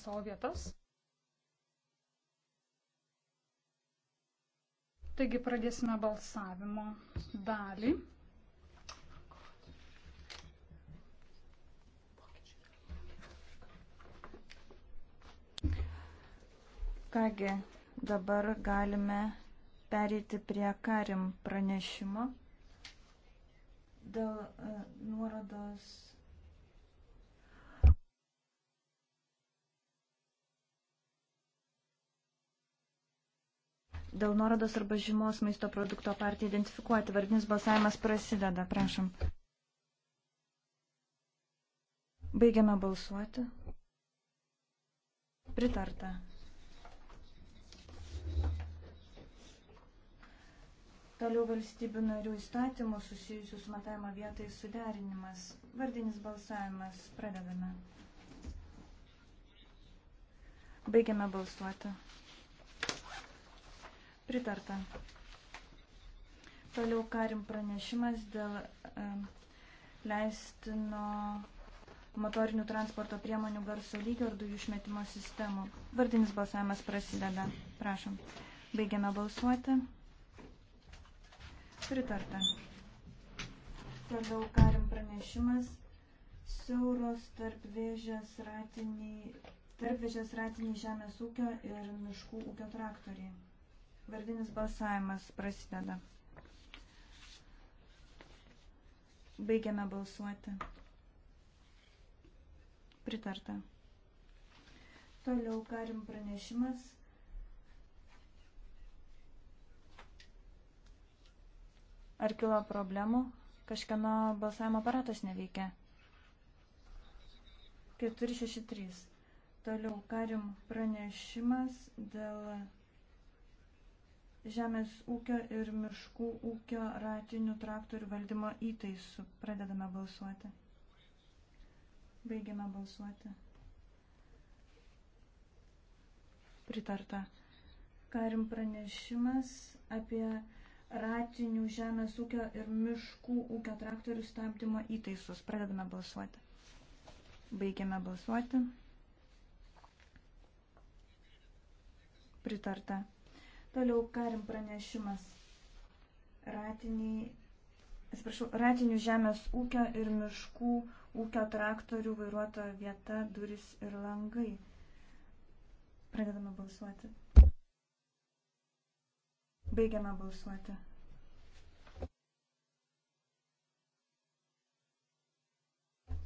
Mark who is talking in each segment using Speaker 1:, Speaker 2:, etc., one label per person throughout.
Speaker 1: savo vietas. Taigi pradėsime balsavimo dalį.
Speaker 2: Kągi, dabar galime perėti prie Karim pranešimo dėl e, nuorodos dėl nuorodos arba žymos maisto produkto partiją identifikuoti. Vardinis balsavimas prasideda, prašom. Baigiame balsuoti. Pritarta. Toliau valstybių narių įstatymų susijusių su matavimo vietai suderinimas. Vardinis balsavimas. Pradedame. Baigiame balsuoti. Pritarta. Toliau karim pranešimas dėl e, leistino motorinių transporto priemonių garso lygio ir dujų išmetimo sistemų. Vardinis balsavimas prasideda. Prašom. Baigiame balsuoti. Pritarta. Toliau karim pranešimas. Siauros tarp vėžės ratiniai, tarp vėžės ratiniai žemės ūkio ir miškų ūkio traktoriai. Vardinis balsavimas prasideda. Baigiame balsuoti. Pritarta. Toliau karim pranešimas. Ar kilo problemų? Kažkieno balsavimo aparatas neveikia. 463. Toliau karim pranešimas dėl žemės ūkio ir miškų ūkio ratinių traktorių valdymo įtaisų. Pradedame balsuoti. Baigiame balsuoti. Pritarta. Karim pranešimas apie ratinių žemės ūkio ir miškų ūkio traktorių stabdymo įtaisus. Pradedame balsuoti. Baigiame balsuoti. Pritarta. Toliau karim pranešimas. Ratiniai, atsiprašau, ratinių žemės ūkio ir miškų ūkio traktorių vairuotojo vieta, duris ir langai. Pradedame balsuoti. Baigiame balsuoti.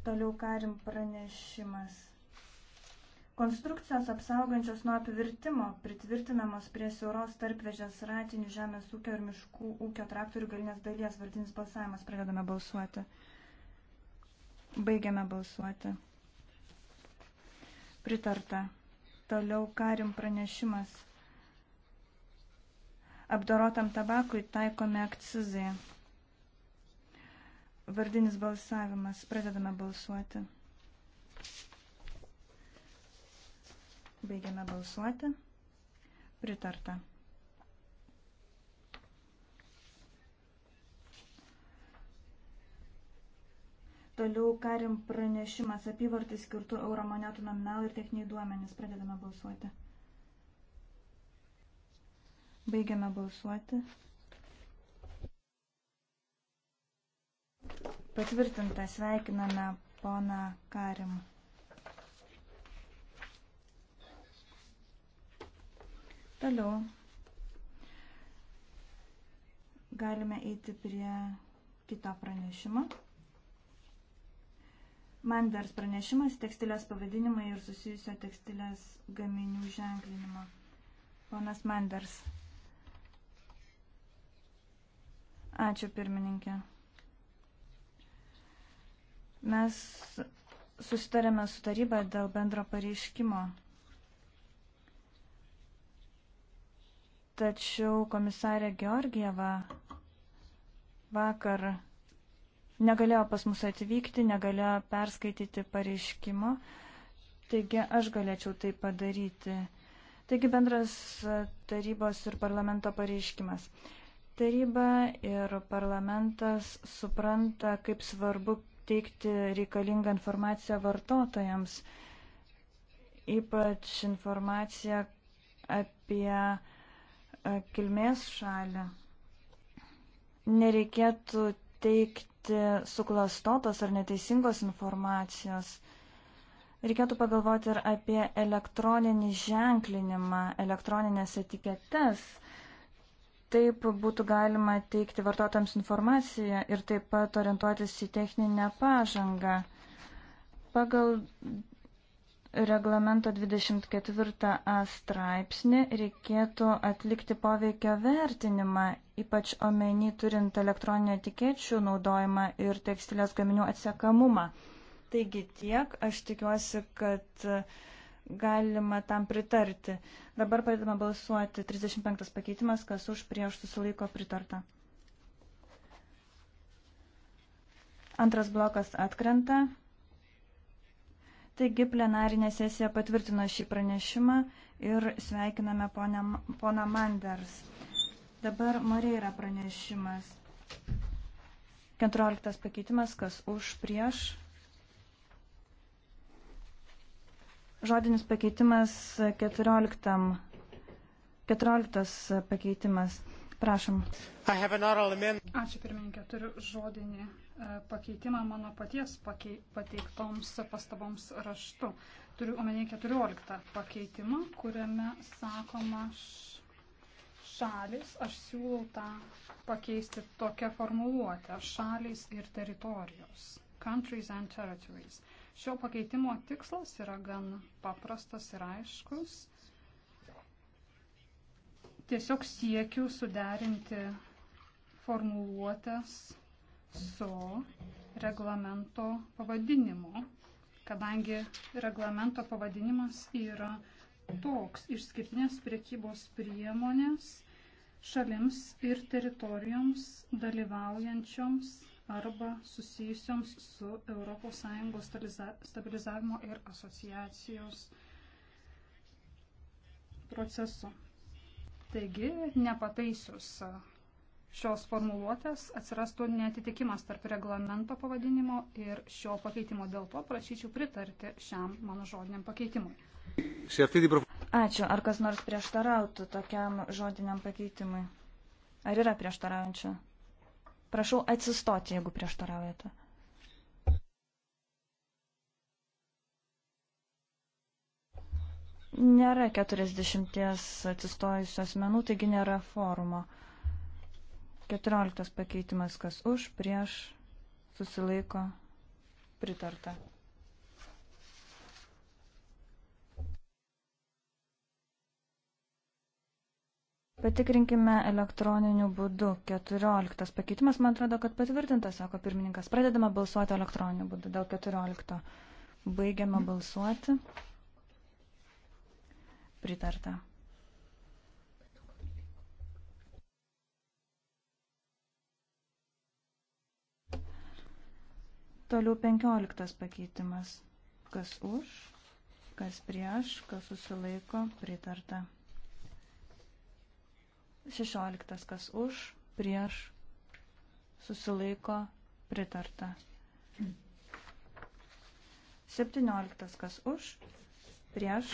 Speaker 2: Toliau karim pranešimas. Konstrukcijos apsaugančios nuo apvirtimo pritvirtinamos prie siauros tarpvežės ratinių žemės ūkio ir miškų ūkio traktorių galinės dalies vardinis balsavimas. Pradedame balsuoti. Baigiame balsuoti. Pritarta. Toliau karim pranešimas. Apdorotam tabakui taikome akcizai. Vardinis balsavimas. Pradedame balsuoti. Baigiame balsuoti. Pritarta. Toliau karim pranešimas apyvartai skirtų euromonetų nominalų ir techniniai duomenys. Pradedame balsuoti. Baigiame balsuoti. Patvirtinta sveikiname poną Karim. Toliau galime eiti prie kito pranešimo. Manders pranešimas tekstilės pavadinimai ir susijusio tekstilės gaminių ženklinimo. Ponas Manders. Ačiū pirmininkė. Mes susitarėme su taryba dėl bendro pareiškimo. Tačiau komisarė Georgieva vakar negalėjo pas mus atvykti, negalėjo perskaityti pareiškimo, taigi aš galėčiau tai padaryti. Taigi bendras tarybos ir parlamento pareiškimas. Taryba ir parlamentas supranta, kaip svarbu teikti reikalingą informaciją vartotojams, ypač informaciją apie kilmės šalį, nereikėtų teikti suklastotos ar neteisingos informacijos. Reikėtų pagalvoti ir apie elektroninį ženklinimą, elektroninės etiketes. Taip būtų galima teikti vartotojams informaciją ir taip pat orientuotis į techninę pažangą. Pagal reglamento 24a straipsnį reikėtų atlikti poveikio vertinimą, ypač omeny turint elektroninio etikečių naudojimą ir tekstilės gaminių atsiekamumą. Taigi tiek, aš tikiuosi, kad galima tam pritarti. Dabar pradedame balsuoti 35 pakeitimas, kas už prieš susilaiko pritarta. Antras blokas atkrenta. Taigi plenarinė sesija patvirtino šį pranešimą ir sveikiname poną Manders. Dabar Moreira pranešimas. 14 pakeitimas, kas už prieš. Žodinis pakeitimas 14. 14 pakeitimas. Prašom.
Speaker 1: Ačiū pirmininkė, turiu žodinį E, pakeitimą mano paties pakei, pateiktoms pastaboms raštu. Turiu omenyje 14 pakeitimą, kuriame sakoma šalis, aš siūlau tą pakeisti tokią formuluotę - šalis ir teritorijos. Countries and territories. Šio pakeitimo tikslas yra gan paprastas ir aiškus. Tiesiog siekiu suderinti formuluotės su reglamento pavadinimu, kadangi reglamento pavadinimas yra toks išskirtinės priekybos priemonės šalims ir teritorijoms dalyvaujančioms arba susijusioms su ES stabilizavimo ir asociacijos procesu. Taigi, nepataisius šios formuluotės atsirastų netitikimas tarp reglamento pavadinimo
Speaker 2: ir šio pakeitimo. Dėl to prašyčiau pritarti šiam mano žodiniam pakeitimui.
Speaker 3: Ačiū.
Speaker 2: Ar kas nors prieštarautų tokiam žodiniam pakeitimui? Ar yra prieštaraujančių? Prašau atsistoti, jeigu prieštaraujate. Nėra 40 atsistojusių asmenų, taigi nėra forumo. 14 pakeitimas, kas už, prieš, susilaiko, pritarta. Patikrinkime elektroniniu būdu. 14 pakeitimas, man atrodo, kad patvirtintas, sako pirmininkas. Pradedame balsuoti elektroniniu būdu dėl 14. Baigiame balsuoti. Pritarta. Toliau 15 pakeitimas. Kas už, kas prieš, kas susilaiko, pritarta. 16. Kas už, prieš, susilaiko, pritarta. 17. Kas už, prieš,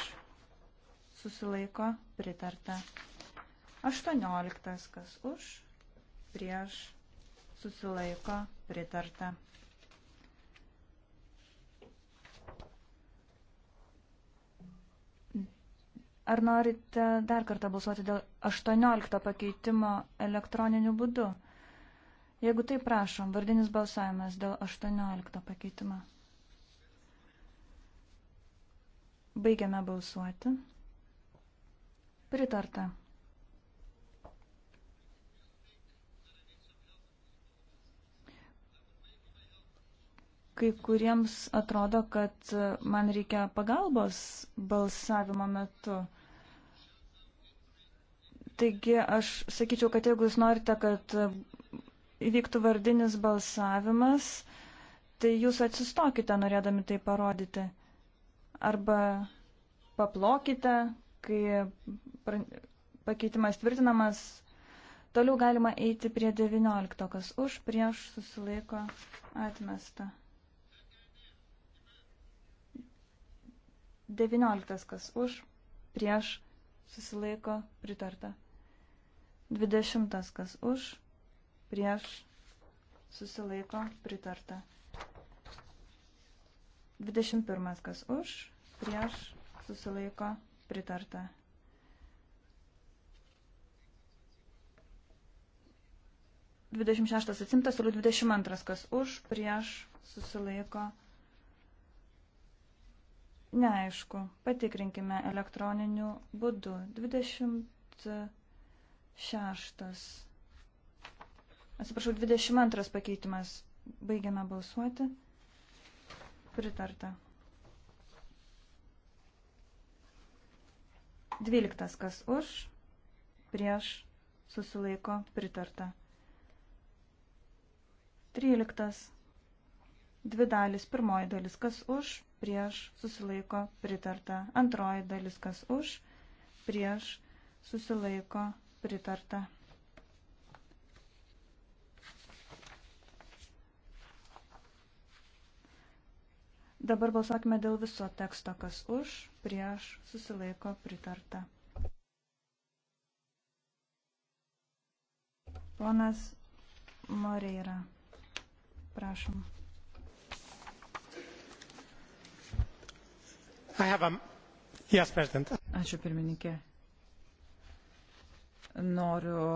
Speaker 2: susilaiko, pritarta. 18. Kas už, prieš, susilaiko, pritarta. Ar norite dar kartą balsuoti dėl 18 pakeitimo elektroniniu būdu? Jeigu tai prašom, vardinis balsavimas dėl 18 pakeitimo. Baigiame balsuoti. Pritarta. kai kuriems atrodo, kad man reikia pagalbos balsavimo metu. Taigi aš sakyčiau, kad jeigu jūs norite, kad e, įvyktų vardinis balsavimas, tai jūs atsistokite norėdami tai parodyti. Arba paplokite, kai pakeitimas tvirtinamas. Toliau galima eiti prie 19, kas už, prieš, susilaiko, atmesta. 19, kas už, prieš, susilaiko, pritarta. 20 kas už, prieš, susilaiko, pritarta. 21 kas už, prieš, susilaiko, pritarta. Dvidešimt šeštas atsimtas, toliau dvidešimt antras, kas už, prieš, susilaiko. Neaišku, patikrinkime elektroniniu būdu. Dvidešimt 20 šeštas. Atsiprašau, 22 pakeitimas. Baigiame balsuoti. Pritarta. 12. Kas už, prieš, susilaiko, pritarta. 13. Dvi dalis. Pirmoji dalis. Kas už, prieš, susilaiko, pritarta. Antroji dalis. Kas už, prieš, susilaiko, pritarta pritarta. Dabar balsuokime dėl viso teksto, kas už, prieš, susilaiko, pritarta. Ponas Moreira, prašom.
Speaker 4: A... Yes, Ačiū pirmininkė noriu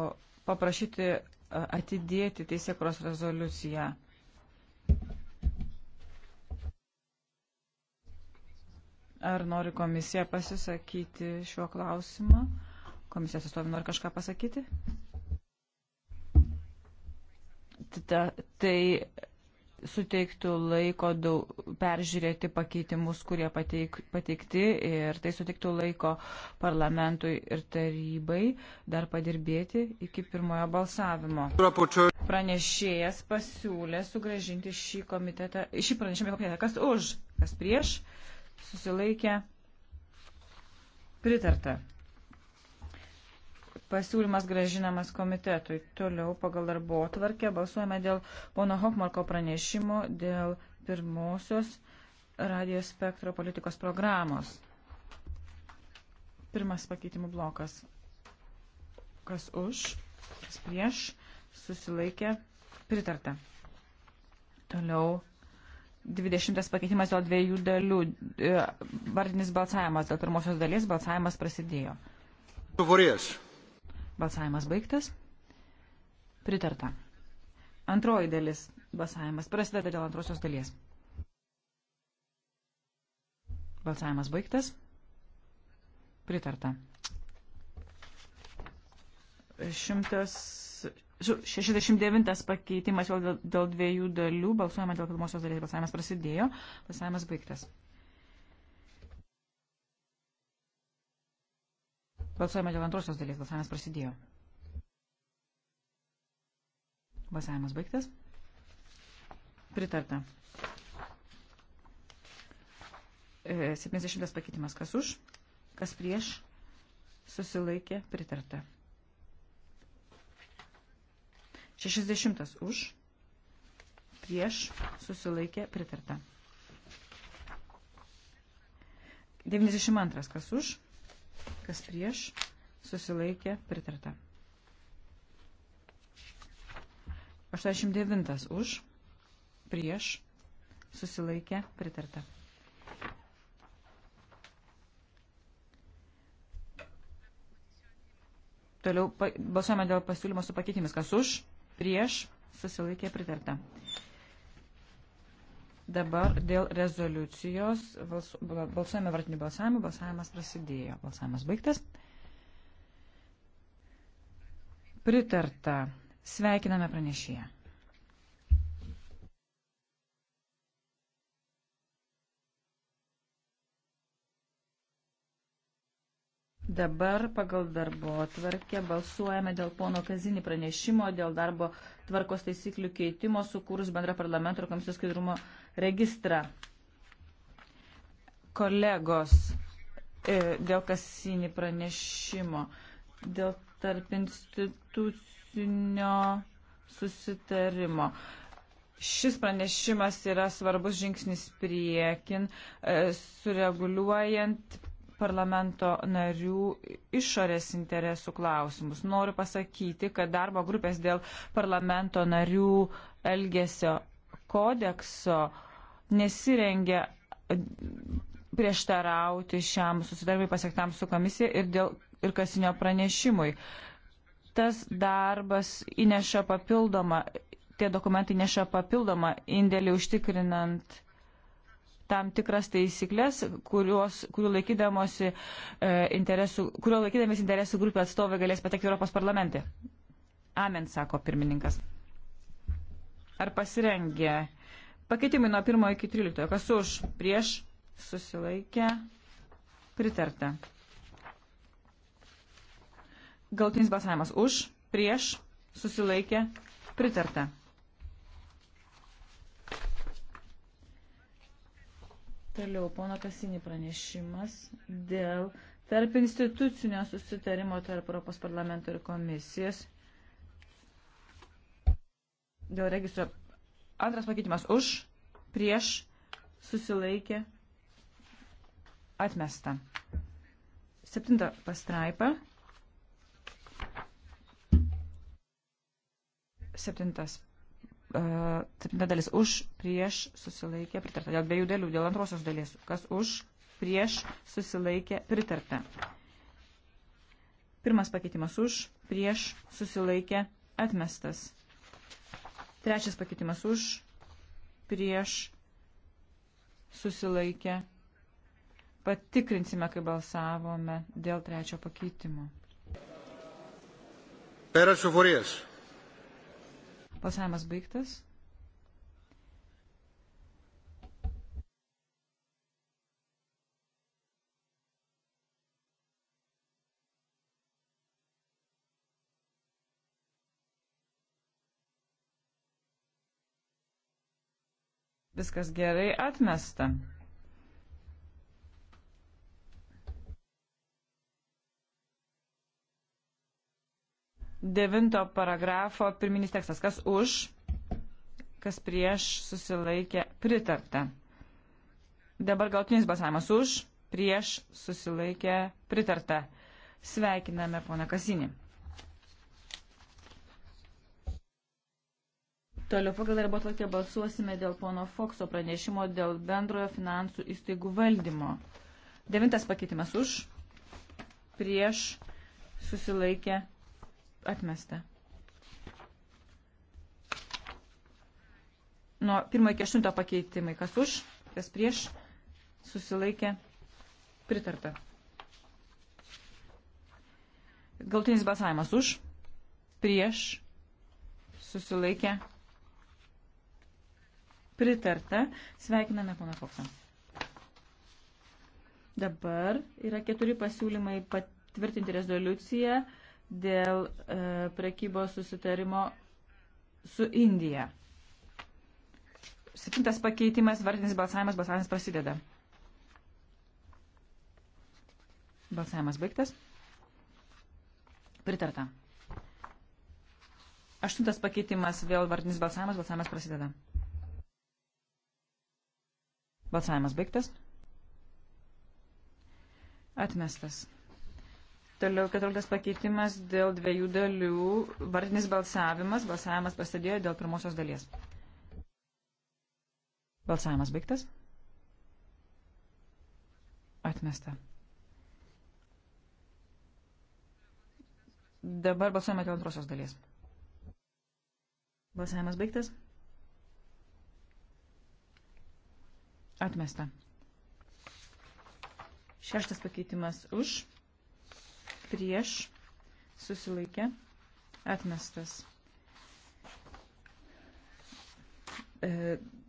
Speaker 4: paprašyti e, atidėti teisėkros rezoliuciją. Ar nori komisija pasisakyti šiuo klausimu? Komisijos atstovai nori kažką pasakyti? Ta, tai suteiktų laiko daug, peržiūrėti pakeitimus, kurie pateik, pateikti ir tai suteiktų laiko parlamentui ir tarybai dar padirbėti iki pirmojo balsavimo. Pranešėjas pasiūlė sugražinti šį, komitetą, šį pranešimą komitetą. Kas už, kas prieš, susilaikė, pritarta. Pasiūlymas gražinamas komitetui. Toliau pagal darbo tvarkę balsuojame dėl pono Hokmarko pranešimo dėl pirmosios radio spektro politikos programos. Pirmas pakeitimų blokas. Kas už, kas prieš, susilaikė, pritarta. Toliau 20 pakeitimas dėl dviejų dalių. E, vardinis balsavimas dėl pirmosios dalies balsavimas prasidėjo. Vorės. Balsavimas baigtas. Pritarta. Antroji dalis balsavimas prasideda dėl antrosios dalies. Balsavimas baigtas. Pritarta. 169 pakeitimas dėl dviejų dalių. Balsuojama dėl pirmosios dalies. Balsavimas prasidėjo. Balsavimas baigtas. Balsuojame dėl antrosios dalies. Balsavimas prasidėjo. Balsavimas baigtas. Pritarta. 70 e, pakeitimas. Kas už? Kas prieš? Susilaikė. Pritarta. 60 už. Prieš. Susilaikė. Pritarta. 92 kas už? kas prieš, susilaikė, pritarta. 89 už, prieš, susilaikė, pritarta. Toliau balsuojame dėl pasiūlymo su pakeitimis, kas už, prieš, susilaikė, pritarta. Dabar dėl rezoliucijos balsuojame vartinį balsavimą. Balsavimas prasidėjo. Balsavimas baigtas. Pritarta. Sveikiname pranešėją. Dabar pagal darbo tvarkę balsuojame dėl pono Kazinį pranešimo, dėl darbo tvarkos taisyklių keitimo, sukūrus bendrą parlamento ir komisijos skaidrumo registrą. Kolegos, e, dėl kasinį pranešimo, dėl tarp institucinio susitarimo. Šis pranešimas yra svarbus žingsnis priekin, e, sureguliuojant parlamento narių išorės interesų klausimus. Noriu pasakyti, kad darbo grupės dėl parlamento narių elgesio kodekso nesirengia prieštarauti šiam susidarbiai pasiektam su komisija ir, dėl, ir kasinio pranešimui. Tas darbas įneša papildomą, tie dokumentai įneša papildomą indėlį užtikrinant tam tikras taisyklės, kurios, kurių laikydamosi e, interesų, kurio laikydamosi interesų grupė atstovai galės patekti Europos parlamente. Amen, sako pirmininkas. Ar pasirengė? Pakeitimai nuo 1 iki 13. Kas už? Prieš? Susilaikė? Pritarta. Galtinis balsavimas už? Prieš? Susilaikė? Pritarta. Toliau, pono Kasinį pranešimas dėl tarp institucinio susitarimo tarp Europos parlamento ir komisijos dėl registro. Antras pakeitimas už, prieš, susilaikė, atmesta. Septinta pastraipa. Septintas. Uh, septinta dalis už, prieš, susilaikė, pritarta. Dėl dviejų dalių, dėl antrosios dalies. Kas už, prieš, susilaikė, pritarta. Pirmas pakeitimas už, prieš, susilaikė, atmestas. Trečias pakeitimas už, prieš, susilaikę. Patikrinsime, kai balsavome dėl trečio pakeitimo.
Speaker 3: Peras Suforijas.
Speaker 4: Balsavimas baigtas. Viskas gerai atmesta. Devinto paragrafo pirminis tekstas. Kas už, kas prieš susilaikė pritarta. Dabar galtinis balsavimas už, prieš susilaikė pritarta. Sveikiname poną Kasinį. Toliau pagal darbo tvarkę balsuosime dėl pono Fokso pranešimo dėl bendrojo finansų įstaigų valdymo. Devintas pakeitimas už, prieš, susilaikė, atmesta. Nuo pirmo iki aštunto pakeitimai, kas už, kas prieš, susilaikė, pritarta. Galtinis balsavimas už, prieš, susilaikė, pritarta Pritarta. Sveikiname pana Foksą. Dabar yra keturi pasiūlymai patvirtinti rezoliuciją dėl e, prekybos susitarimo su Indija. Septintas pakeitimas, vardinis balsavimas, balsavimas prasideda. Balsavimas baigtas. Pritarta. Aštuntas pakeitimas, vėl vardinis balsavimas, balsavimas prasideda. Balsavimas baigtas. Atmestas. Toliau 14 pakeitimas dėl dviejų dalių. Vardinis balsavimas. Balsavimas prasidėjo dėl pirmosios dalies. Balsavimas baigtas. Atmesta. Dabar balsuojame dėl antrosios dalies. Balsavimas baigtas. Atmesta. Šeštas pakeitimas už, prieš, susilaikė, atmestas. E,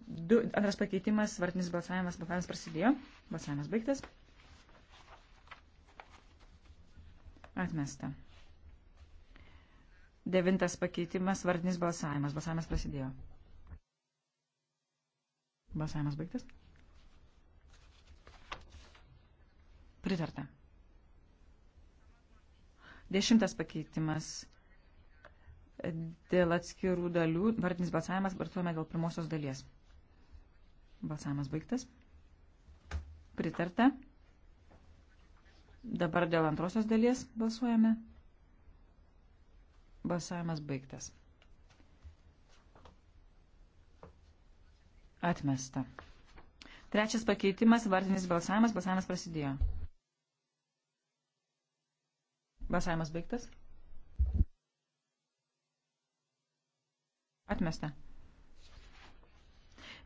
Speaker 4: du, antras pakeitimas, vartinis balsavimas, balsavimas prasidėjo, balsavimas baigtas. Atmesta. Devintas pakeitimas, vardinis balsavimas. Balsavimas prasidėjo. Balsavimas baigtas. Pritarta. Dešimtas pakeitimas. Dėl atskirų dalių vardinis balsavimas vartuojame dėl pirmosios dalies. Balsavimas baigtas. Pritarta. Dabar dėl antrosios dalies balsuojame. Balsavimas baigtas. Atmesta. Trečias pakeitimas, vardinis balsavimas, balsavimas prasidėjo. Balsavimas baigtas. Atmesta.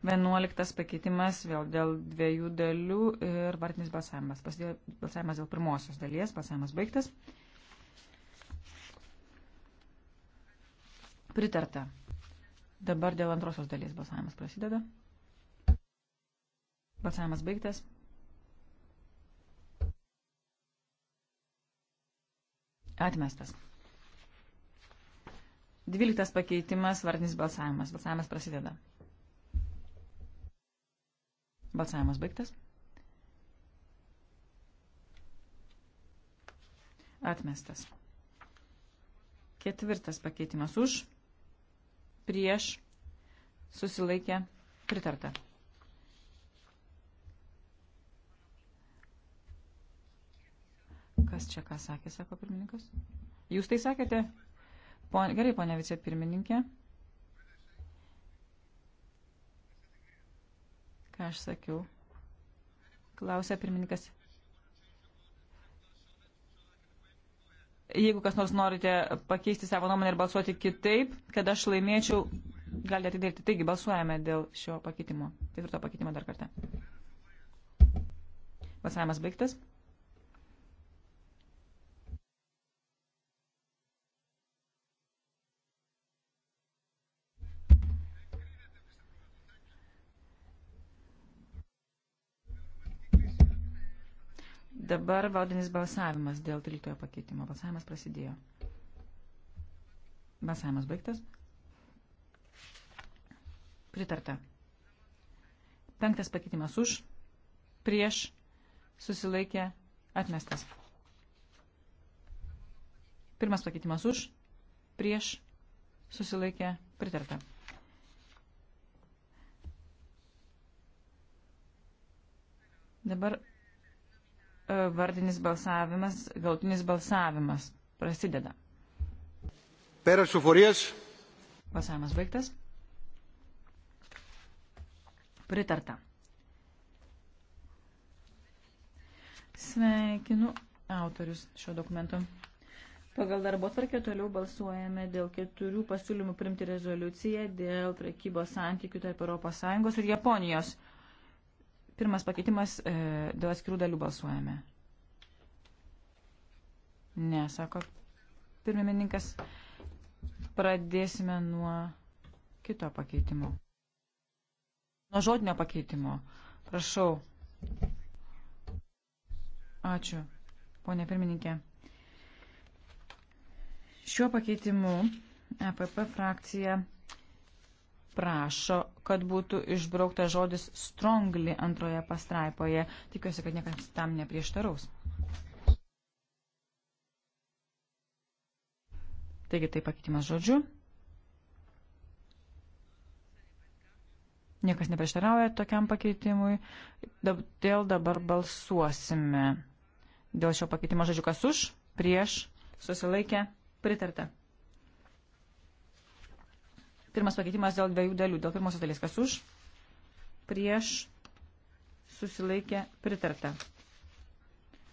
Speaker 4: Vienuoliktas pakeitimas vėl dėl dviejų dalių ir vartinis balsavimas. Pasidėjo balsavimas dėl pirmosios dalies, balsavimas baigtas. Pritarta. Dabar dėl antrosios dalies balsavimas prasideda. Balsavimas baigtas. Atmestas. Dvyliktas pakeitimas, vardinis balsavimas. Balsavimas prasideda. Balsavimas baigtas. Atmestas. Ketvirtas pakeitimas už, prieš, susilaikė, pritarta. Kas čia ką sakė, sako pirmininkas? Jūs tai sakėte? Pon, gerai, ponia vicepirmininkė. Ką aš sakiau? Klausia pirmininkas. Jeigu kas nors norite pakeisti savo nuomonę ir balsuoti kitaip, kad aš laimėčiau, galite atidėti. Taigi balsuojame dėl šio pakeitimo. Ketvirto pakeitimo dar kartą. Balsavimas baigtas. Dabar valdinis balsavimas dėl 13 pakeitimo. Balsavimas prasidėjo. Balsavimas baigtas. Pritarta. Penktas pakeitimas už, prieš, susilaikė, atmestas. Pirmas pakeitimas už, prieš, susilaikė, pritarta. Dabar E, vardinis balsavimas, galtinis balsavimas prasideda.
Speaker 3: Peras suforijas.
Speaker 4: Balsavimas baigtas. Pritarta. Sveikinu autorius šio dokumento. Pagal darbo tvarkę toliau balsuojame dėl keturių pasiūlymų primti rezoliuciją dėl prekybos santykių tarp ES ir Japonijos. Pirmas pakeitimas e, dėl atskirų dalių balsuojame. Ne, sako pirmininkas, pradėsime nuo kito pakeitimo. Nuo žodinio pakeitimo. Prašau. Ačiū, ponė pirmininkė. Šiuo pakeitimu EPP frakcija prašo, kad būtų išbraukta žodis strongly antroje pastraipoje. Tikiuosi, kad niekas tam neprieštaraus. Taigi tai pakeitimas žodžiu. Niekas neprieštarauja tokiam pakeitimui. Dėl dabar balsuosime. Dėl šio pakeitimo žodžiu kas už, prieš, susilaikę, pritarta. Pirmas pakeitimas dėl dviejų dalių. Dėl pirmosios dalies kas už, prieš, susilaikė, pritarta.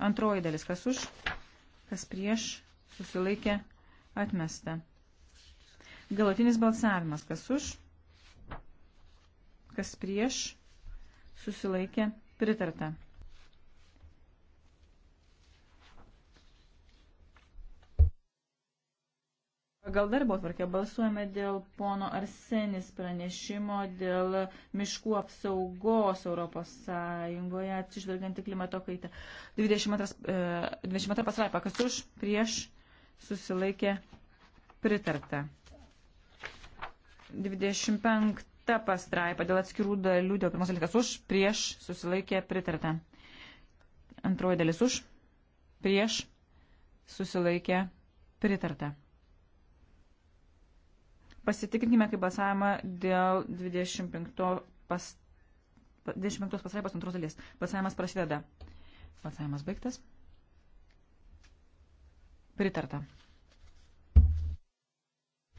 Speaker 4: Antroji dalis kas už, kas prieš, susilaikė, atmesta. Galutinis balsavimas kas už, kas prieš, susilaikė, pritarta. Pagal darbo tvarkę balsuojame dėl pono Arsenis pranešimo dėl miškų apsaugos Europos Sąjungoje atsižvelgiant į klimato kaitą. 22, 22 e, pasraipa, kas už, prieš, susilaikė, pritarta. 25 pastraipa dėl atskirų dalių, dėl pirmos dalykas už, prieš, susilaikė, pritarta. Antroji dalis už, prieš, susilaikė, pritarta. Pasitikrinkime, kaip balsavimą dėl 25, pas, 25 pasraipos antros dalies. Balsavimas prasideda. Balsavimas baigtas. Pritarta.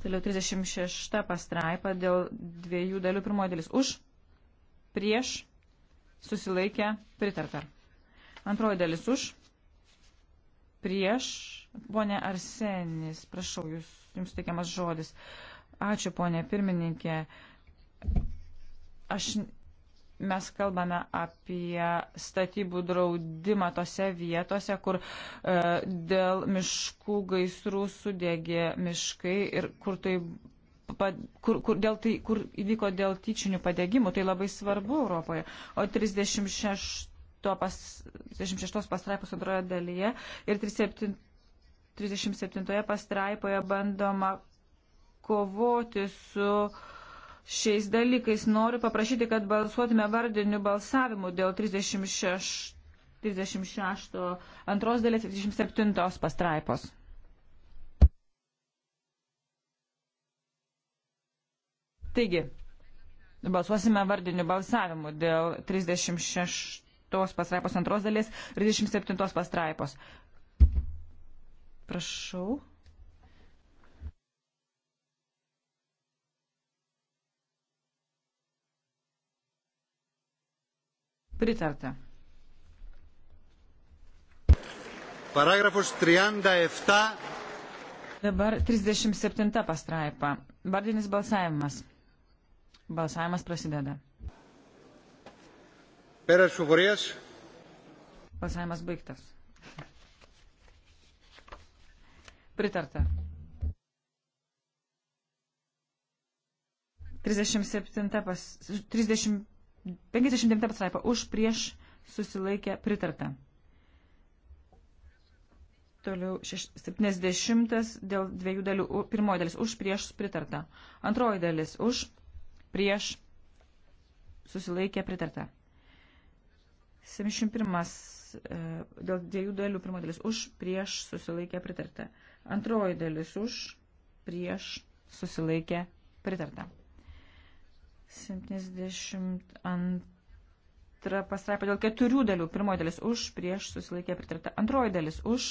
Speaker 4: Toliau 36 pastraipa dėl dviejų dalių pirmoji dalis. Už, prieš, susilaikę, pritarta. Antroji dalis už, prieš, ponė Arsenis, prašau, jūs, jums teikiamas žodis. Uh, Ačiū, ponė pirmininkė. Aš, mes kalbame apie statybų draudimą tose vietose, kur e, dėl miškų gaisrų sudegė miškai ir kur tai kur, kur, dėl tai, kur įvyko dėl tyčinių padėgymų, tai labai svarbu Europoje. O 36, pas, 36 pastraipos antroje dalyje ir 37, 37 pastraipoje bandoma kovoti su šiais dalykais. Noriu paprašyti, kad balsuotume vardiniu balsavimu dėl 36, 36 antros dėlės 37 pastraipos. Taigi, balsuosime vardiniu balsavimu dėl 36 pastraipos antros dalies ir 37 pastraipos. Prašau. Pritarta.
Speaker 3: Paragrafas 37.
Speaker 4: Dabar 37 pastraipa. Vardinis balsavimas. Balsavimas prasideda.
Speaker 3: Peres Šuvorės.
Speaker 4: Balsavimas baigtas. Pritarta. 37 pas, 30 59 pasraipa už prieš susilaikė pritarta. Toliau 70 dėl dviejų dalių. Pirmoji dalis už prieš pritarta. Antroji dalis už prieš susilaikė pritarta. 71 e, dėl dviejų dalių. Pirmoji dalis už prieš susilaikė pritarta. Antroji dalis už prieš susilaikė pritarta. 72 pasraipa dėl keturių dalių. Pirmoji dalis už, prieš susilaikė pritarta. Antroji dalis už,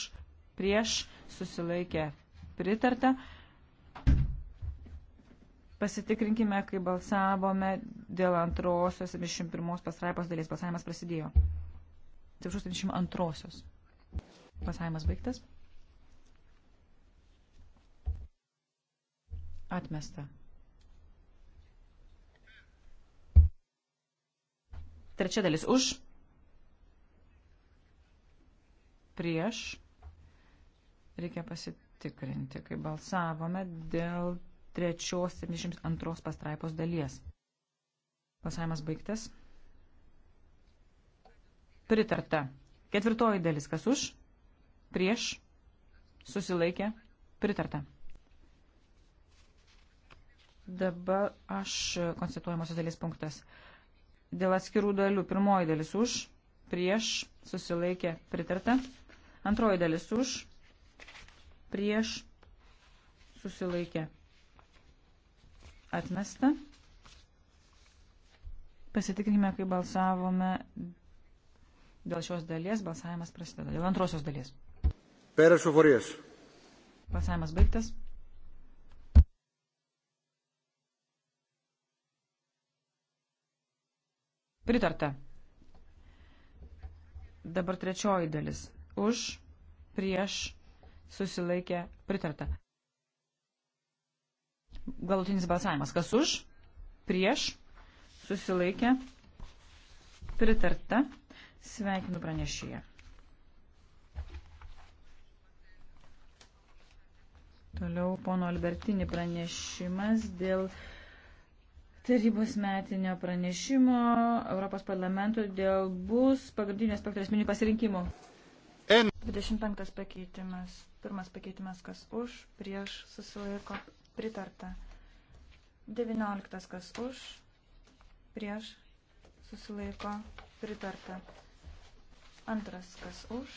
Speaker 4: prieš susilaikė pritarta. Pasitikrinkime, kai balsavome dėl antrosios 71 pasraipos dalies. Balsavimas prasidėjo. 72. Balsavimas baigtas. Atmesta. Trečia dalis už, prieš, reikia pasitikrinti, kai balsavome dėl trečios 72 pastraipos dalies. Balsavimas baigtas. Pritarta. Ketvirtoji dalis, kas už, prieš, susilaikė, pritarta. Dabar aš konstatuojamosios dalies punktas dėl atskirų dalių. Pirmoji dalis už, prieš, susilaikė, pritarta. Antroji dalis už, prieš, susilaikė, atmesta. Pasitikrinkime, kai balsavome dėl šios dalies. Balsavimas prasideda dėl antrosios dalies.
Speaker 3: Perašo forės.
Speaker 4: Balsavimas baigtas. Pritarta. Dabar trečioji dalis. Už, prieš, susilaikė, pritarta. Galutinis balsavimas. Kas už, prieš, susilaikė, pritarta. Sveikinu pranešyje. Toliau pono Albertini pranešimas dėl tarybos metinio pranešimo Europos parlamento dėl bus pagrindinio aspektų esminių pasirinkimų. 25
Speaker 2: pakeitimas. Pirmas pakeitimas, kas už, prieš, susilaiko, pritarta. 19 kas už, prieš, susilaiko, pritarta. Antras kas už.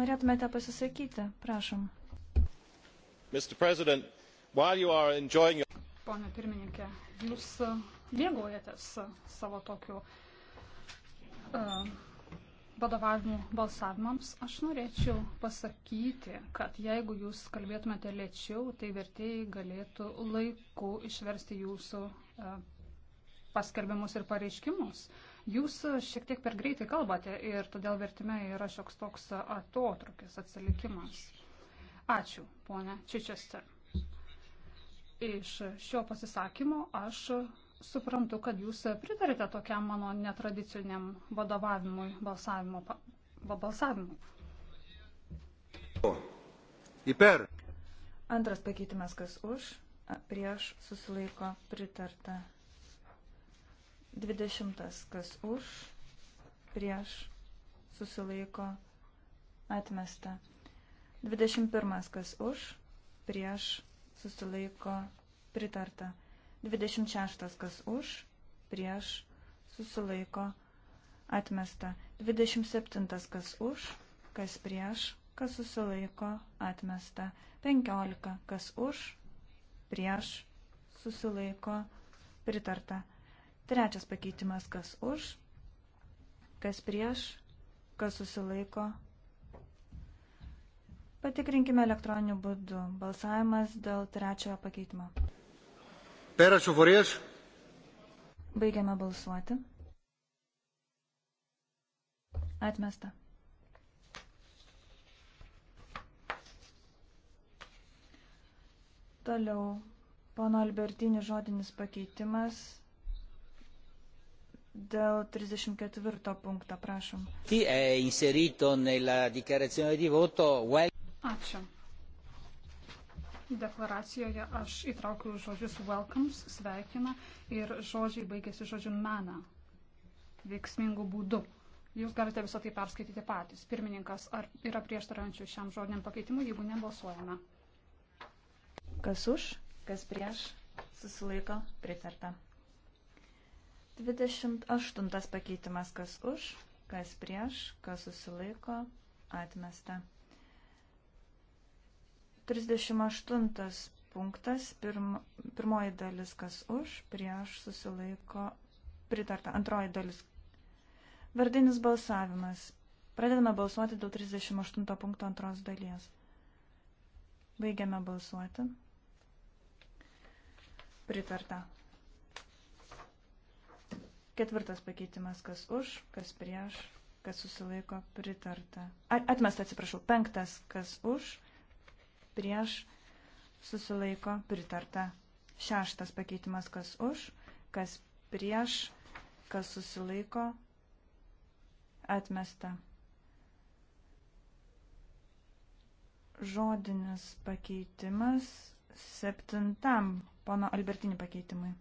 Speaker 2: Norėtumėte pasisakyti, prašom.
Speaker 1: Mr. President,
Speaker 3: while you are enjoying your
Speaker 1: ponė pirmininkė. Jūs e, mėgojatės e, savo tokiu uh, vadovavimu balsavimams. Aš norėčiau pasakyti, kad jeigu jūs kalbėtumėte lėčiau, tai vertėjai galėtų laiku išversti jūsų uh, paskelbimus ir pareiškimus. Jūs šiek tiek per greitai kalbate ir todėl vertime yra šioks toks atotrukis, atsilikimas. Ačiū, ponia Čičester. Iš šio pasisakymo aš suprantu, kad jūs pritarite tokiam mano netradiciniam vadovavimui, balsavimo, balsavimui.
Speaker 3: Įper.
Speaker 2: Antras pakeitimas, kas už, prieš susilaiko pritarta. Dvidešimtas, kas už, prieš susilaiko atmesta. Dvidešimt pirmas, kas už, prieš susilaiko pritarta. 26 kas už, prieš susilaiko atmesta. 27 kas už, kas prieš, kas susilaiko atmesta. 15 kas už, prieš susilaiko pritarta. Trečias pakeitimas kas už, kas prieš, kas susilaiko Patikrinkime elektroniniu būdu. Balsavimas dėl trečiojo pakeitimo.
Speaker 3: Pėras Uforijas.
Speaker 2: Baigiame balsuoti. Atmesta. Toliau. Pono Albertini žodinis pakeitimas dėl 34 punkto, prašom.
Speaker 3: Sì, è inserito nella dichiarazione di voto. Well...
Speaker 2: Ačiū.
Speaker 1: Deklaracijoje aš įtraukiu žodžius welcomes, sveikina ir žodžiai baigėsi žodžiu mena, veiksmingų būdų. Jūs galite visą tai perskaityti patys. Pirmininkas, ar yra prieštaraujančių šiam žodiniam pakeitimui, jeigu nebalsuojame?
Speaker 2: Kas už, kas prieš, susilaiko, pritarta. 28 pakeitimas, kas už, kas prieš, kas susilaiko, atmesta. 38 punktas, pirm, pirmoji dalis, kas už, prieš susilaiko pritarta. Antroji dalis. Vardinis balsavimas. Pradedame balsuoti dėl 38 punkto antros dalies. Baigiame balsuoti. Pritarta. Ketvirtas pakeitimas, kas už, kas prieš, kas susilaiko, pritarta. Atmesta, atsiprašau. Penktas, kas už, prieš, susilaiko pritarta. Šeštas pakeitimas, kas už, kas prieš, kas susilaiko, atmesta. Žodinis pakeitimas septintam pono Albertinį pakeitimui.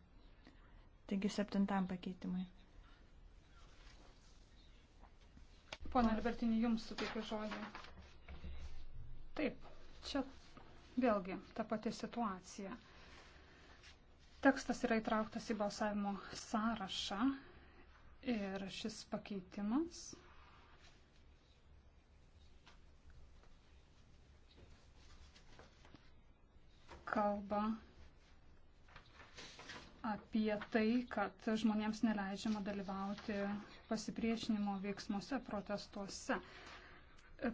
Speaker 2: Taigi septintam pakeitimui.
Speaker 1: Pone Albertinį, jums suteikiu žodį. Taip, čia Vėlgi, ta pati situacija. Tekstas yra įtrauktas į balsavimo sąrašą ir šis pakeitimas kalba apie tai, kad žmonėms neleidžiama dalyvauti pasipriešinimo veiksmuose, protestuose.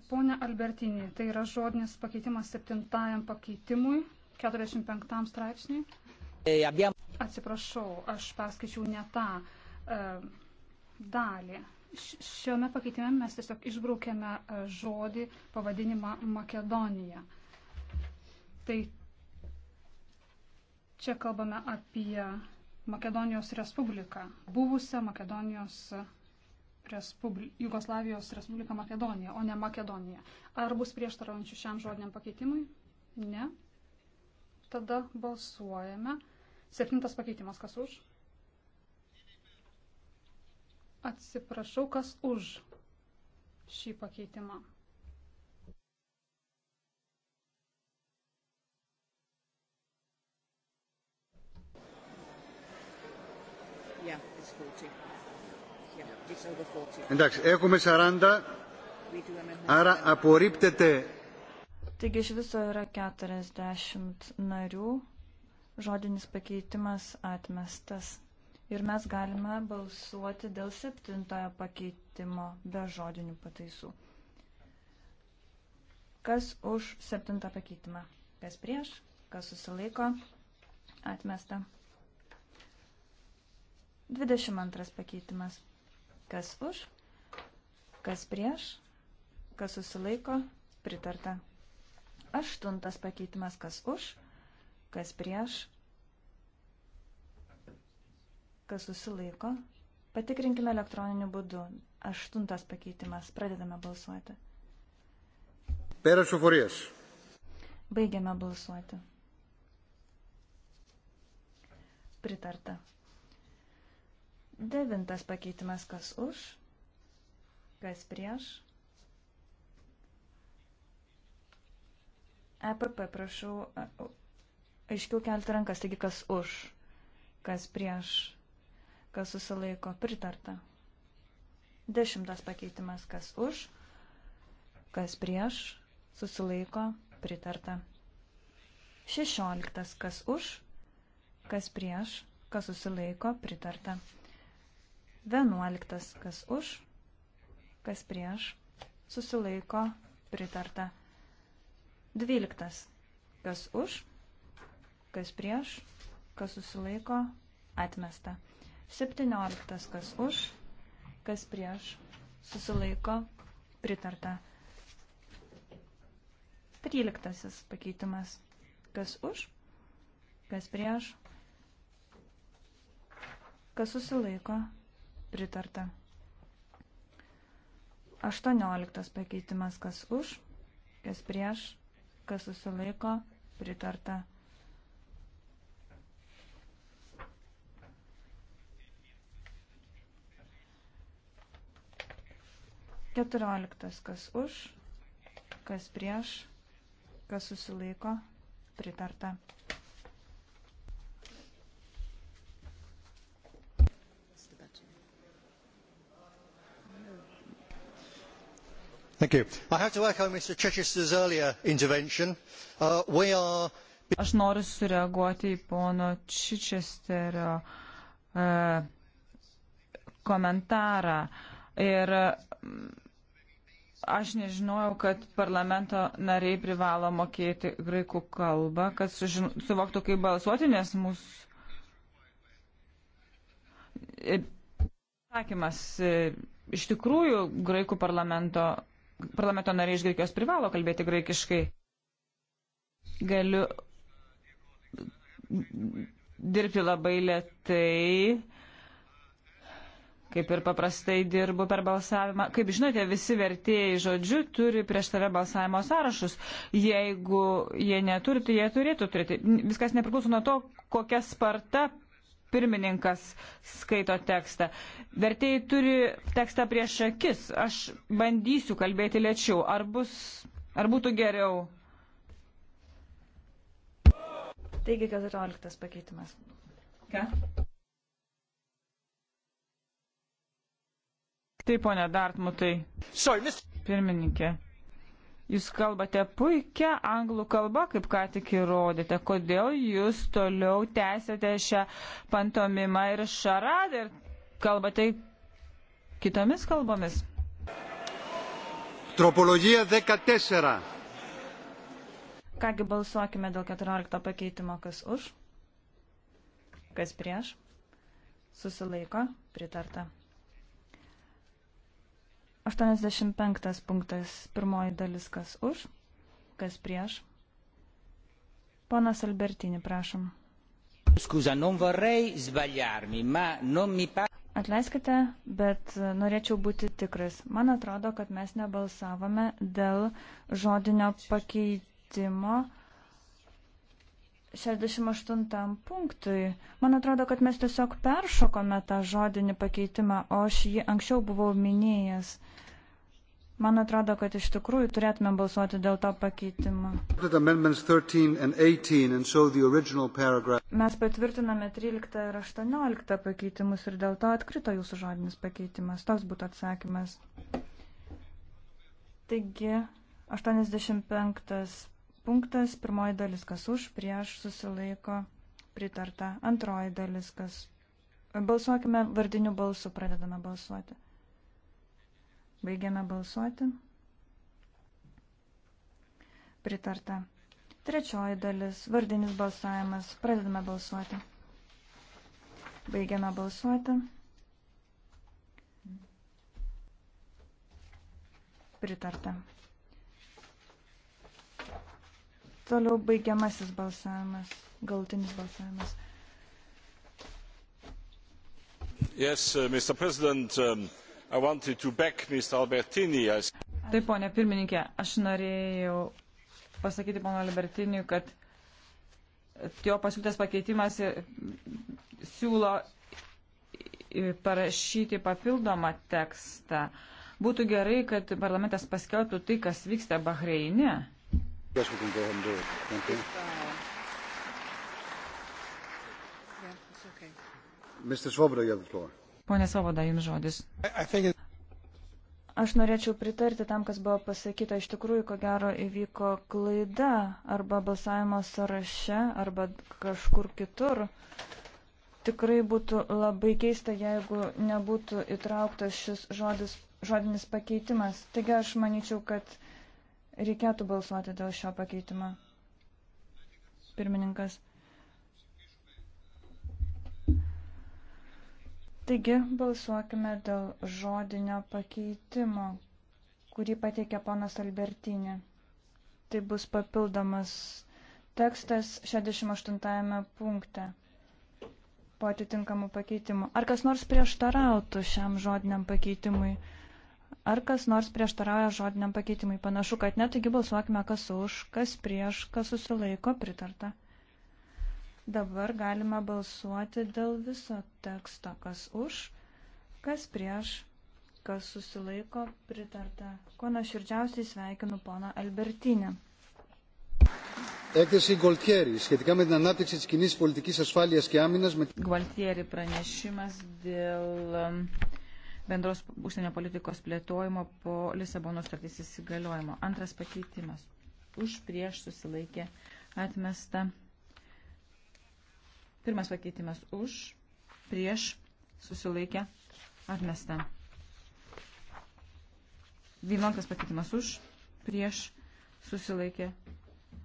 Speaker 1: Pone Albertinį, tai yra žodinis pakeitimas septintajam pakeitimui, 45 straipsniui. E, Atsiprašau, aš perskaičiau ne tą e, dalį. Šiame pakeitime mes tiesiog išbraukėme e, žodį pavadinimą Makedonija. Tai čia kalbame apie Makedonijos Respubliką, buvusią Makedonijos Respubliką. Respubli Jugoslavijos Respublika Makedonija, o ne Makedonija. Ar bus prieštaraujančių šiam žodiniam pakeitimui? Ne. Tada balsuojame. Septintas pakeitimas, kas už? Atsiprašau, kas už šį pakeitimą.
Speaker 4: Yeah, it's 40. Εντάξει, έχουμε
Speaker 3: 40, άρα απορρίπτεται.
Speaker 2: Taigi iš viso yra 40 narių, žodinis pakeitimas atmestas. Ir mes galime balsuoti dėl septintojo pakeitimo be žodinių pataisų. Kas už septintą pakeitimą? Kas prieš? Kas susilaiko? Atmesta. 22 pakeitimas. Kas už? Kas prieš? Kas susilaiko? Pritarta. Aštuntas pakeitimas. Kas už? Kas prieš? Kas susilaiko? Patikrinkime elektroniniu būdu. Aštuntas pakeitimas. Pradedame balsuoti.
Speaker 3: Pėrašų forijas.
Speaker 2: Baigiame balsuoti. Pritarta. Devintas pakeitimas kas už, kas prieš. EPP, prašau, aiškiau kelti rankas, taigi kas už, kas prieš, kas susilaiko, pritarta. Dešimtas pakeitimas, kas už, kas prieš, susilaiko, pritarta. Šešioliktas, kas už, kas prieš, kas susilaiko, pritarta. 11. Kas už, kas prieš, susilaiko, pritarta. 12. Kas už, kas prieš, kas susilaiko, atmesta. 17. Kas už, kas prieš, susilaiko, pritarta. 13. Pakeitimas. Kas už, kas prieš, kas susilaiko, pritarta pritarta. 18 pakeitimas, kas už, kas prieš, kas susilaiko, pritarta. Keturioliktas, kas už, kas prieš, kas susilaiko, pritarta.
Speaker 3: i have to echo mr chichester's earlier intervention. Uh, we are.
Speaker 4: aš noriu sureaguoti į pono čičesterio uh, e, komentarą ir mm, aš nežinojau, kad parlamento nariai privalo mokėti graikų kalbą, kad sužin, suvoktų, kaip balsuoti, nes mūsų atsakymas iš tikrųjų graikų parlamento parlamento nariai iš Graikijos privalo kalbėti graikiškai. Galiu dirbti labai lietai, kaip ir paprastai dirbu per balsavimą. Kaip žinote, visi vertėjai žodžiu turi prieš save balsavimo sąrašus. Jeigu jie neturi, tai jie turėtų turėti. Viskas nepriklauso nuo to, kokia sparta pirmininkas skaito tekstą. Vertėjai turi tekstą prieš akis. Aš bandysiu kalbėti lėčiau. Ar, bus, ar būtų geriau?
Speaker 2: Taigi 14 pakeitimas.
Speaker 4: Ką? Taip, ponia Dartmutai. Sorry, Mr. Pirmininkė. Jūs kalbate puikia anglų kalba, kaip ką tik įrodėte. Kodėl jūs toliau tęsėte šią pantomimą ir šaradą ir kalbate kitomis kalbomis?
Speaker 3: Tropologija 14.
Speaker 2: Kągi balsuokime dėl 14 pakeitimo, kas už, kas prieš, susilaiko, pritarta. 85 punktas, pirmoji dalis, kas už, kas prieš. Ponas Albertini, prašom. Scusa, non vorrei sbagliarmi, ma non mi pare. Atleiskite, bet e, norėčiau būti tikras. Man atrodo, kad mes nebalsavome dėl žodinio pakeitimo 68 punktui. Man atrodo, kad mes tiesiog peršokome tą žodinį pakeitimą, o aš jį anksčiau buvau minėjęs. Man atrodo, kad iš tikrųjų turėtume balsuoti dėl to pakeitimo. Mes patvirtiname 13 ir 18 pakeitimus ir dėl to atkrito jūsų žodinis pakeitimas. Toks būtų atsakymas. Taigi, 85 punktas, pirmoji dalis kas už, prieš susilaiko pritarta, antroji dalis kas. Balsuokime vardiniu balsu, pradedame balsuoti. Baigiame balsuoti. Pritarta. Trečioji dalis, vardinis balsavimas, pradedame balsuoti. Baigiame balsuoti. Pritarta. Toliau baigiamasis balsavimas,
Speaker 4: galtinis balsavimas. Yes,
Speaker 2: uh, Mr. President, um, I wanted to back Mr. Albertini. I...
Speaker 4: Taip, ponė pirmininkė, aš norėjau pasakyti pono Albertiniui, kad jo pasiūlytas pakeitimas e, siūlo e, parašyti papildomą tekstą. Būtų gerai, kad parlamentas paskelbtų tai, kas vyksta Bahreine.
Speaker 3: Yes, we can go ahead and do it. Thank you. Uh,
Speaker 2: yeah,
Speaker 4: it's okay. Mr. Svoboda, you have the floor. Pone Svoboda, jums žodis.
Speaker 2: Aš norėčiau pritarti tam, kas buvo pasakyta. Iš tikrųjų, ko gero įvyko klaida arba balsavimo sąraše arba kažkur kitur. Tikrai būtų labai keista, jeigu nebūtų įtrauktas šis žodis, žodinis pakeitimas. Taigi aš manyčiau, kad Reikėtų balsuoti dėl šio pakeitimo. Pirmininkas. Taigi balsuokime dėl žodinio pakeitimo, kurį pateikė ponas Albertinė. Tai bus papildomas tekstas 68 punkte po atitinkamų pakeitimų. Ar kas nors prieštarautų šiam žodiniam pakeitimui? Ar kas nors prieštarauja žodiniam pakeitimui? Panašu, kad ne, taigi balsuokime, kas už, kas prieš, kas susilaiko, pritarta. Dabar galima balsuoti dėl viso teksto, kas už, kas prieš, kas susilaiko, pritarta. Ko nuoširdžiausiai
Speaker 4: sveikinu poną Albertinę.
Speaker 3: Έκθεση Γκολτιέρη σχετικά με την ανάπτυξη της κοινής πολιτικής ασφάλειας και άμυνας με...
Speaker 4: Γκολτιέρη pranešimas dėl bendros užsienio politikos plėtojimo po Lisabonos startys įsigaliojimo. Antras pakeitimas. Už prieš susilaikė atmesta. Pirmas pakeitimas už prieš susilaikė atmesta. Vienuoliktas pakeitimas už prieš susilaikė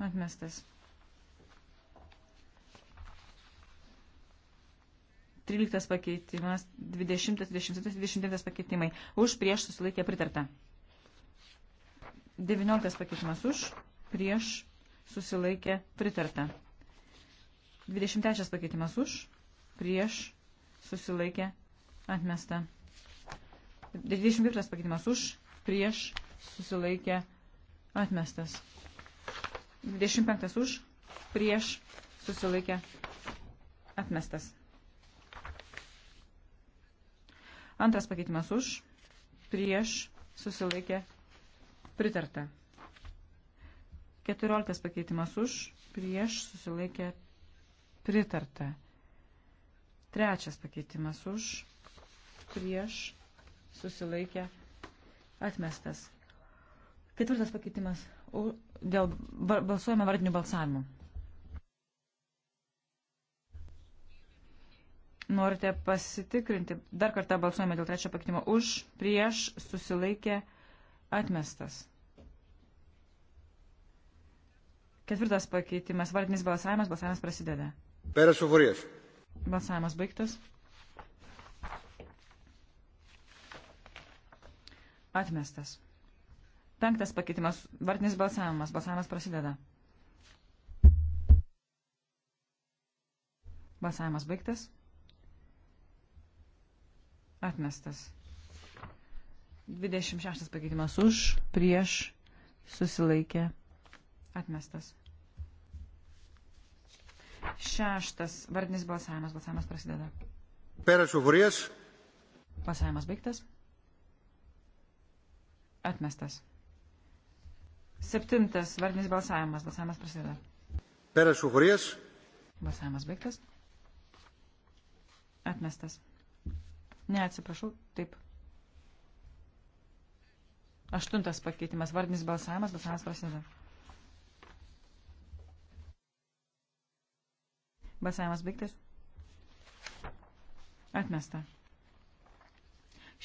Speaker 4: atmestas. 13 pakeitimas, 20, 27, 29 pakeitimai. Už prieš susilaikė pritarta. 19 pakeitimas už prieš susilaikė pritarta. 23 pakeitimas už prieš susilaikė atmesta. 21 pakeitimas už prieš susilaikė atmestas. 25 už prieš susilaikė atmestas. Antras pakeitimas už, prieš, susilaikė, pritarta. Keturioliktas pakeitimas už, prieš, susilaikė, pritarta. Trečias pakeitimas už, prieš, susilaikė, atmestas. Ketvirtas pakeitimas dėl balsuojame vardinių balsavimų. norite pasitikrinti. Dar kartą balsuojame dėl trečio pakeitimo. Už, prieš, susilaikė, atmestas. Ketvirtas pakeitimas. Vardinis balsavimas. Balsavimas prasideda.
Speaker 3: Peres Uvorijas.
Speaker 4: Balsavimas baigtas. Atmestas. Penktas pakeitimas. Vardinis balsavimas. Balsavimas prasideda. Balsavimas baigtas. Atmestas. 26 pakeitimas už, prieš, susilaikė, atmestas. Šeštas vardinis balsavimas. Balsavimas prasideda.
Speaker 3: Peras Uvorijas.
Speaker 4: Balsavimas baigtas. Atmestas. Septintas vardinis balsavimas. Balsavimas prasideda.
Speaker 3: Peras Uvorijas.
Speaker 4: Balsavimas baigtas. Atmestas. Ne, atsiprašau, taip. Aštuntas pakeitimas, vardinis balsavimas, balsavimas prasideda. Balsavimas baigtas. Atmesta.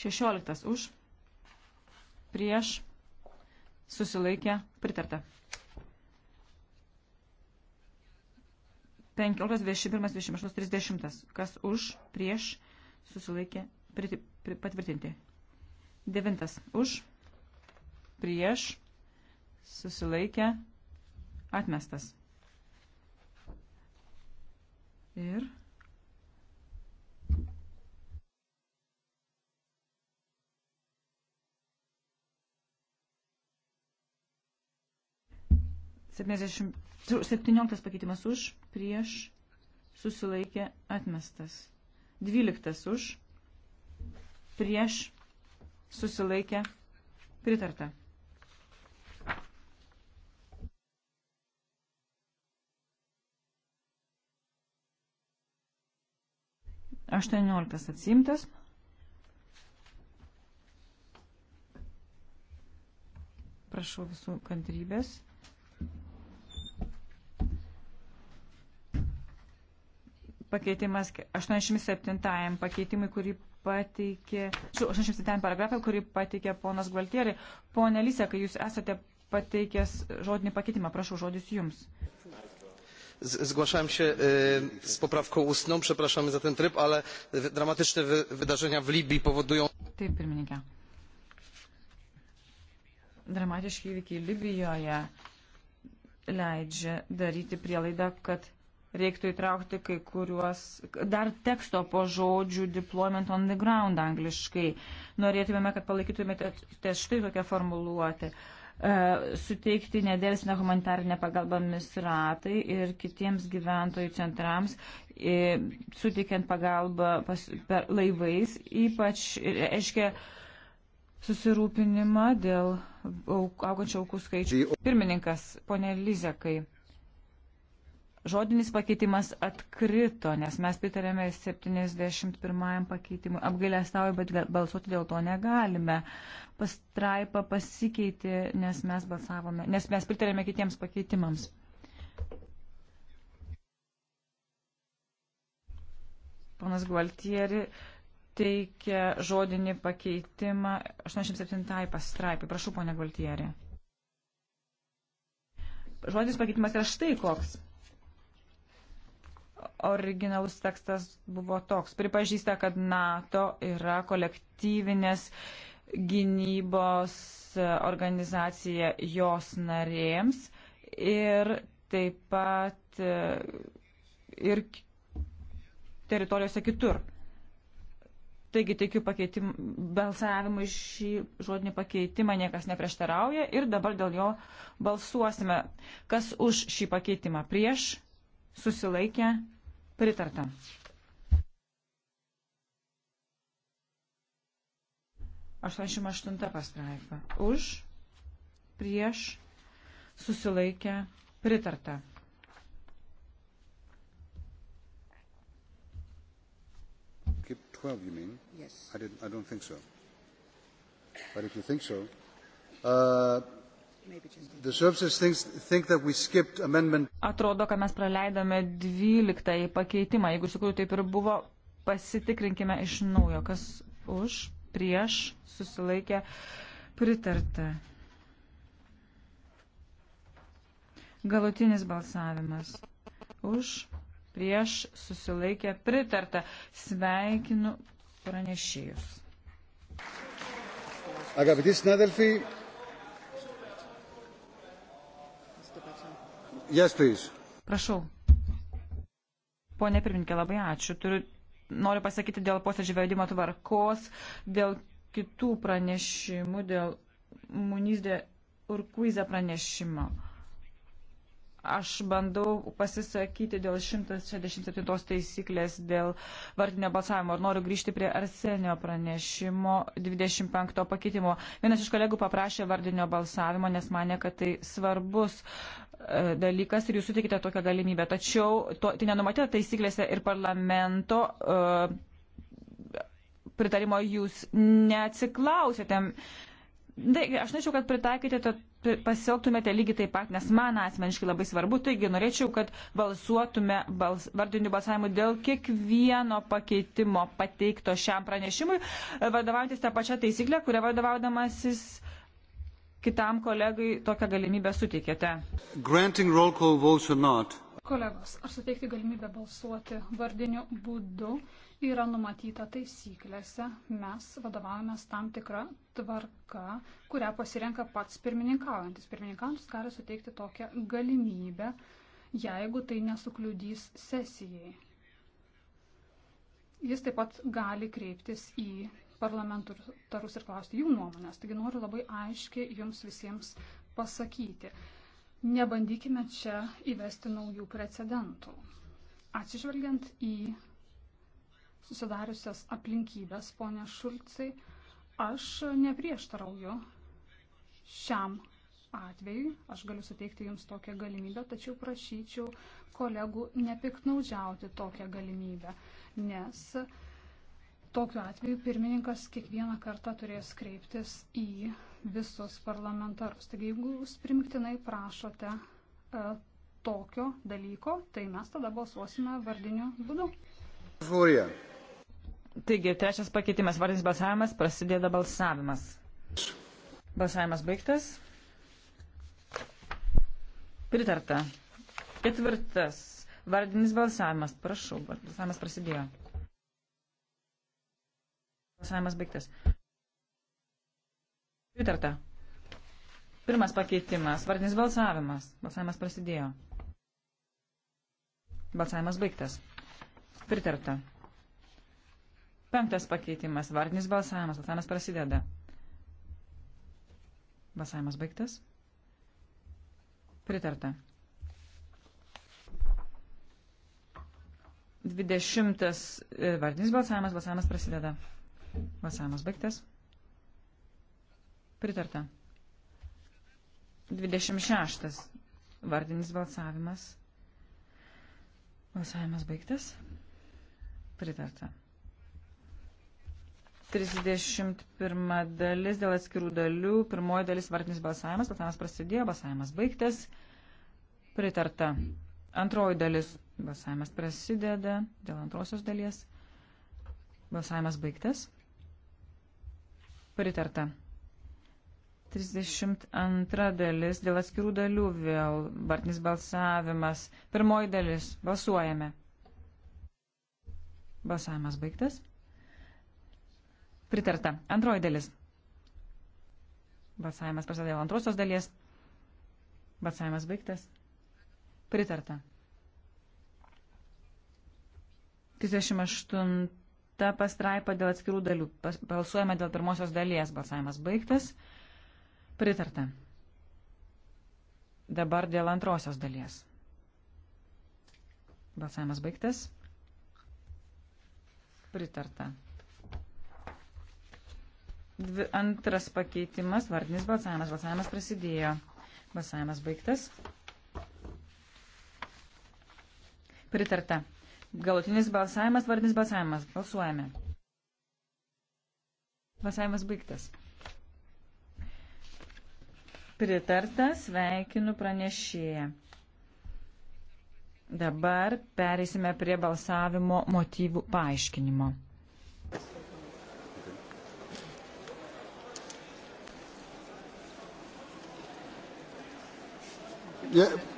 Speaker 4: Šešioliktas už, prieš, susilaikė, pritarta. 15, 21, 28, 30. Kas už, prieš, susilaikė priti, pri, patvirtinti. Devintas už, prieš, susilaikė, atmestas. Ir septynioliktas pakeitimas už, prieš, susilaikė, atmestas. 12 už, prieš, susilaikė, pritarta. Aštuonioliktas atsimtas. Prašau visų kantrybės. pakeitimas 87 pakeitimui, kurį pateikė, 87 paragrafą, kurį pateikė ponas Gvaltieri. Pone Lysė, kai jūs esate pateikęs žodinį pakeitimą, prašau, žodis jums.
Speaker 2: Zgłaszałem się
Speaker 1: y,
Speaker 3: z poprawką ustną, przepraszamy za ten tryb, ale dramatyczne wy, wydarzenia w Libii powodują.
Speaker 4: Taip, pirmininkė. Dramatiški įvykiai Libijoje leidžia daryti prielaidą, kad reiktų įtraukti kai kuriuos, dar teksto po žodžių deployment on the ground angliškai. Norėtumėme, kad palaikytumėte štai tokią formuluotę. E, suteikti nedėlsinę humanitarinę pagalbą misratai ir kitiems gyventojų centrams, e, suteikiant pagalbą pas, per laivais, ypač, reiškia, susirūpinimą dėl augančio aukų skaičių. Pirmininkas, ponė Lizekai. Žodinis pakeitimas atkrito, nes mes pritarėme 71 pakeitimui. Apgailestauju, bet balsuoti dėl to negalime. Pastraipa pasikeitė, nes mes balsavome, nes mes pritarėme kitiems pakeitimams. Ponas Gualtieri teikia žodinį pakeitimą 87 pastraipai. Prašau, ponia Gualtieri. Žodinis pakeitimas yra štai koks originalus tekstas buvo toks. Pripažįsta, kad NATO yra kolektyvinės gynybos organizacija jos narėms ir taip pat e, ir teritorijose kitur. Taigi teikiu balsavimui šį žodinį pakeitimą, niekas neprieštarauja ir dabar dėl jo balsuosime. Kas už šį pakeitimą prieš, susilaikė, Pritarta. Aštuoniasdešimt aštunta pastraipa. Už, prieš, susilaikę, pritarta.
Speaker 3: Skip 12, you mean? Yes. I, didn't, I don't think so. But if you think so, uh,
Speaker 4: Atrodo, kad mes praleidome 12 pakeitimą. Jeigu iš tikrųjų taip ir buvo, pasitikrinkime iš naujo, kas už, prieš, susilaikė, pritarta. Galutinis balsavimas. Už, prieš, susilaikė, pritarta. Sveikinu pranešėjus.
Speaker 3: Αγαπητοί συνάδελφοι, Yes, please.
Speaker 4: Prašau. Pone pirmininkė, labai ačiū. Turiu, noriu pasakyti dėl posėdžio vedimo tvarkos, dėl kitų pranešimų, dėl Munizdė Urkuizė pranešimo. Aš bandau pasisakyti dėl 167 taisyklės dėl vardinio balsavimo ir noriu grįžti prie Arsenio pranešimo 25 pakeitimo. Vienas iš kolegų paprašė vardinio balsavimo, nes mane, kad tai svarbus uh, E, dalykas ir jūs sutikite tokią galimybę. Tačiau to, tai nenumatyta taisyklėse ir parlamento uh, pritarimo jūs neatsiklausėte. Taigi, aš norėčiau, kad pritaikyti, pasielgtumėte lygiai taip pat, nes man asmeniškai labai svarbu, taigi norėčiau, kad balsuotume bals, vardiniu balsavimu dėl kiekvieno pakeitimo pateikto šiam pranešimui, e, vadovaujantis tą pačią taisyklę, kurią vadovaudamasis uh, kitam kolegai tokią galimybę suteikėte. Kolegos,
Speaker 1: ar suteikti galimybę balsuoti vardiniu būdu yra numatyta taisyklėse. Mes vadovavomės tam tikrą tvarką, kurią pasirenka pats pirmininkaujantis. Pirmininkaujantis gali suteikti tokią galimybę, jeigu tai nesukliudys sesijai. Jis taip pat gali kreiptis į parlamentarus ir klausti jų nuomonės. Taigi noriu labai aiškiai jums visiems pasakyti. Nebandykime čia įvesti naujų precedentų. Atsižvelgiant į susidariusias aplinkybės, ponė Šulcai, aš neprieštarauju šiam atvejui, aš galiu suteikti jums tokią galimybę, tačiau prašyčiau kolegų nepiknaudžiauti tokią galimybę, nes uh, Tokiu atveju pirmininkas kiekvieną kartą turės kreiptis į visus parlamentarus. Taigi, jeigu jūs primiktinai prašote e, tokio dalyko, tai mes tada balsuosime vardiniu būdu.
Speaker 4: Vorija. Taigi, trečias pakeitimas vardinis balsavimas, prasideda balsavimas. Balsavimas baigtas. Pritarta. Ketvirtas vardinis balsavimas. Prašau, balsavimas prasidėjo. Balsavimas baigtas. Pritarta. Pirmas pakeitimas. Vardinis balsavimas. Balsavimas prasidėjo. Balsavimas baigtas. Pritarta. Penktas pakeitimas. Vardinis balsavimas. Balsavimas prasideda. Balsavimas baigtas. Pritarta. Dvidešimtas e, vardinis balsavimas. Balsavimas prasideda. Balsavimas baigtas. Pritarta. 26. Vardinis balsavimas. Balsavimas baigtas. Pritarta. 31 dalis dėl atskirų dalių. Pirmoji dalis vardinis balsavimas. Balsavimas prasidėjo, balsavimas baigtas. Pritarta. Antroji dalis. Balsavimas prasideda dėl antrosios dalies. Balsavimas baigtas. Pritarta. 32 dalis dėl atskirų dalių vėl bartinis balsavimas. Pirmoji dalis. Balsuojame. Balsavimas baigtas. Pritarta. Antroji dalis. Balsavimas prasidėjo antrosios dalies. Balsavimas baigtas. Pritarta. 38 Šešta pastraipa dėl atskirų dalių. Balsuojame dėl pirmosios dalies. Balsavimas baigtas. Pritarta. Dabar dėl antrosios dalies. Balsavimas baigtas. Pritarta. Dvi, antras pakeitimas, vardinis balsavimas. Balsavimas prasidėjo. Balsavimas baigtas. Pritarta. Galutinis balsavimas, vardinis balsavimas. Balsuojame. Balsavimas baigtas. Pritartas, sveikinu pranešėją. Dabar pereisime prie balsavimo motyvų paaiškinimo.
Speaker 3: Yeah.